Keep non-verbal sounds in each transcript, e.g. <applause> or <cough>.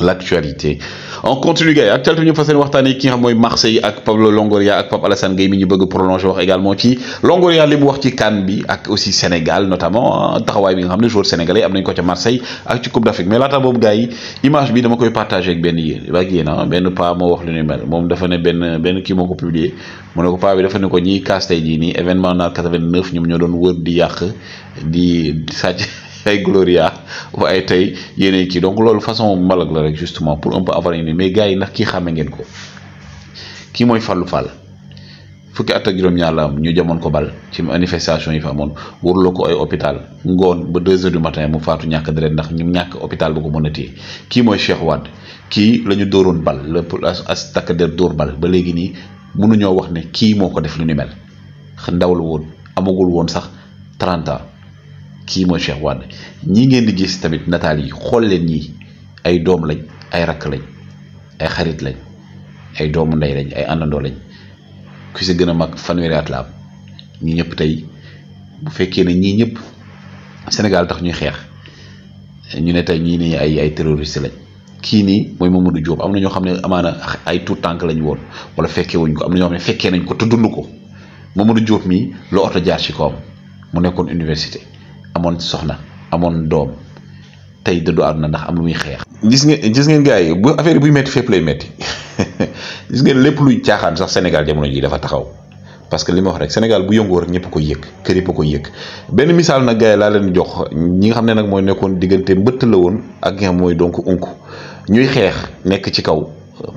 l'actualité on continue gars yi actualité bi ñu fas yéene waxtaanee ki nga Marseille avec Pablo Longoria avec Pape Alassane Gueye mi ñu bëgg prolonger wax également ci Longoria li bu wax ci CAN bi ak aussi Sénégal notamment hein, taxaway bi nga xam joueur sénégalais am nañu ko ci Marseille ak ci Coupe d'Afrique mais laata bobu gars yi image bi dama koy partager ak ben yéen ba yéen na hein, ben paa mo wax lu ñu mel mom dafa ne ben ben ki moko publier mu ne ko paa bi dafa ne ko ñi événement naar 89 ñoom ñoo doon wër di yàq di ay Gloria ba ay tey yeneen kii donc loolu façon malak la rek justement pour un peu avoir une mais gars yi ndax kii xàmme ngeen ko kii mooy Fallou Fall fukki at ak juróom-ñaar la am ñu jamoon ko bal ci manifestation yi fa amoon warloo ko ay hôpital ngoon ba deux heures du matin mu faatu ñàkk deret ndax ñu ñàkk hôpital bu ko mën a téye kii mooy Cheikh Wade kii la ñu dóoroon bal la as takk der dóor bal ba léegi nii mënuñoo wax ne kii moo ko def lu ni mel ndaw amagul woon sax 30 kii mooy Cheikh Wade ñi ngeen di gis tamit nataal yi xool leen ñii ay doom lañ ay rakk lañ ay xarit lañ ay doomu ndey lañ ay àndandoo lañ ku si gën a mag fanweeri la am ñëpp tey bu fekkee ne ñii ñëpp Sénégal tax ñuy xeex ñu ne tey ñii nii ay ay terroriste lañ kii nii mooy Mamadou Diop am na ñoo xam ne amaana ay tout tànk lañ woon wala fekkee wuñ ko am na ñoo xam ne fekkee nañ ko te dund ko Mamadou Diop mii la oto jaar ci kawam mu nekkoon université amoon soxna amoon doom tey dëddu àdduna ndax am lu muy xeex. gis ngeen gis ngeen gars yi bu affaire buy métti fépp lay métti <laughs> gis ngeen lépp luy caaxaan sax Sénégal jamono ji dafa taxaw parce que li ma wax rek Sénégal bu yëngoo rek ñëpp ko yëg kër yëpp ko yëg benn misaal nag gars yi laa leen jox ñi nga xam ne nag mooy nekkoon diggante mbëtt la woon ak nga mooy donc unku ñuy xeex nekk ci kaw.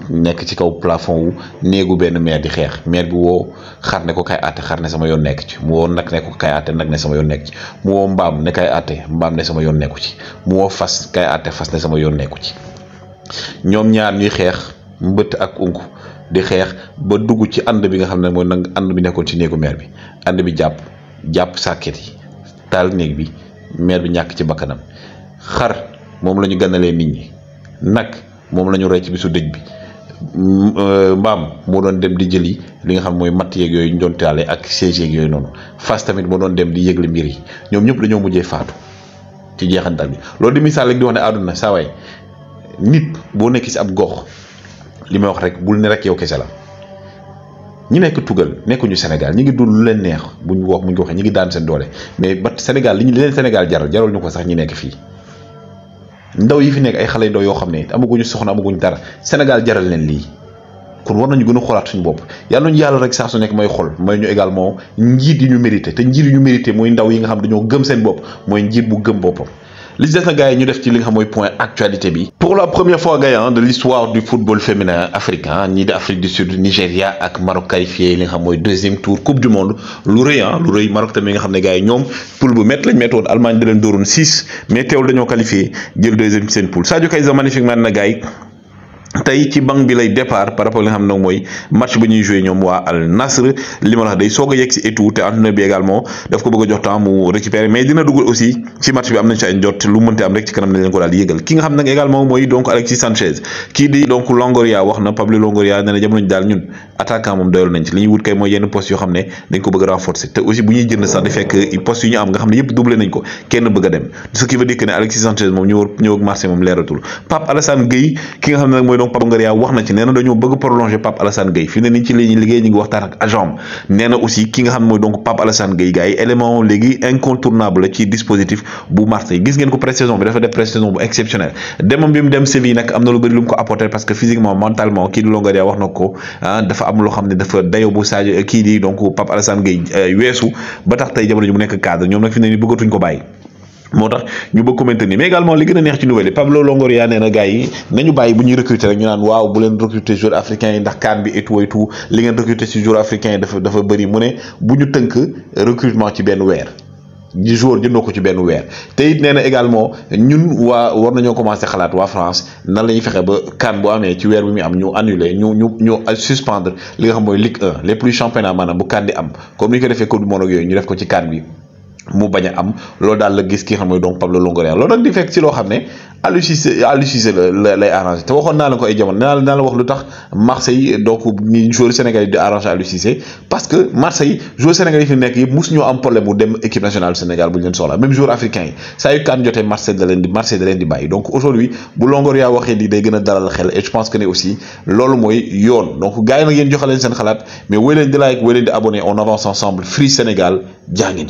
nekk ci kaw plafond wu néegu benn maire di xeex maire bi woo xar ne ko kay àtte xar ne sama yoon nekk ci mu woo nag ne ko kay àtte nag ne sama yoon nekk ci mu woo mbaam ne kay àtte mbaam ne sama yoon nekku ci mu woo fas kay atte fas ne sama yoon nekku ci ñoom ñaar ñuy xeex mbëtt ak unk di xeex ba dugg ci ànd bi nga xam ne mooy nag ànd bi nekkoon ci néegu maire bi ànd bi jàpp jàpp sàkket yi taal néeg bi maire bi ñàkk ci bakkanam xar moom lañu ñu gënalee nit ñi moom la ñu rey ci bisu dëj bi mm, euh, mbaam moo doon dem di jël jëli li nga xam mooy matt yeeg yooyu ñu doon taale ak siège yeeg yooyu noonu fas tamit moo doon dem di yëgle mbir yi ñoom ñëpp dañoo mujjee faatu ci jeexantal bi loolu di misaal rek di wax ne àdduna saa waay nit boo nekk si ab gox li may wax rek bul ne rek yow kese la ñi nekk tugal nekkuñu Sénégal ñi ngi dund lu leen neex buñ wax buñ ko waxee ñi ngi daan seen doole mais ba Sénégal li leen Sénégal jaral jaral ñu ko sax ñi nekk fii ndaw yi fi nekk ay xale ndaw yoo xam ne amaguñu soxna amaguñu dara Sénégal jaral leen lii kon war nañu gën a xoolaat suñu bopp yàlla nañu yàlla rek saa su nekk mooy xol mooy ñu également njiit yi ñu mérité te njiit yi ñu mérité mooy ndaw yi nga xam dañoo gëm seen bopp mooy njiit bu gëm boppam li actualité pour la première fois hein, de l'histoire du football féminin africain hein, ni d'Afrique du Sud Nigeria ak Maroc qualifié li deuxième tour coupe du monde lu reuy hein, Maroc tamit nga xam né gaay ñom Allemagne mais qualifié jël deuxième seen poule Sadio magnifique tey ci banque bi lay départ par rapport li xam nag mooy match ba ñuy joué ñoom waa Al Nasr li day soog a yegg si et te entraîneur bi également daf ko bëgg jox temps mu récupérer mais dina dugal aussi ci match bi am nañ ci am rek daal ñun attaquant moom doyal nañ ci li ñuy wut kay mooy yenn poste yoo xam ne dañ ko bëgg a te aussi bu ñuy jënd sax di fekk poste yu ñu am nga xam ne yëpp doublé nañ ko kenn bëgg dem ce qui veut dire ne Alexis Pape Ngaria wax na ci nee dañoo bëgg prolonger Pape Alassane Gueye fi ne ni ci la liggéey ñu ngi waxtaan ak agent am aussi ki nga xam ne mooy donc Pape Alassane Gueye gars léegi incontournable ci dispositif bu Marseille gis ngeen ko pré bi dafa def pré bu exceptionnel demam bi mu dem Séville nag am na lu bëri lu ko apporter parce que physiquement mentalement kii di Longoria wax na ko ah, dafa am loo xam ne dafa dayo bu Sadio kii di donc Pape Alassane Gueye eh, weesu ba tax tey jamono ji ko bàyyi moo tax ñu bëgg ko maintenir mais également li gën a neex ci nouvelle yi Pablo Longoria nee na gars yi nañu bàyyi bu ñuy recruter rek ñu naan waaw bu leen recruter joueur africain yi dafa dafa bëri mu ne bu ñu tënk recrutement ci benn weer ji joueur jëndoo ko ci benn weer te it nee na également ñun waa war nañoo commencé xalaat waa France na la ñuy fexe ba kaan bu amee ci weer bi muy am ñu annuler ñu ñu ñu suspendre li nga xam mooy Ligue 1 les plus championnat ko ci kaan bi mu baña am lo dal la gis ki xam moy donc Pablo Longoria lo nak di fekk ci lo xam ne Aliou lay arrangé te waxon na la ko ay jamono na la wax lutax Marseille donc ni joueur Sénégal di arrangé Aliou parce que Marseille joueur Sénégal fi nekk yëpp mosu ñu am problème mu dem équipe nationale Sénégal bu ñu soxla même joueur africain ça yu kan jotee Marseille da di Marseille da leen di bàyyi donc aujourd'hui bu Longoria waxé di day gëna dalal xel et je pense que né aussi lolu moy yoon donc gaay nak yeen joxaleen seen xalaat mais wéy leen di like wéy leen di abonné on avance ensemble Free Sénégal jaa ngeen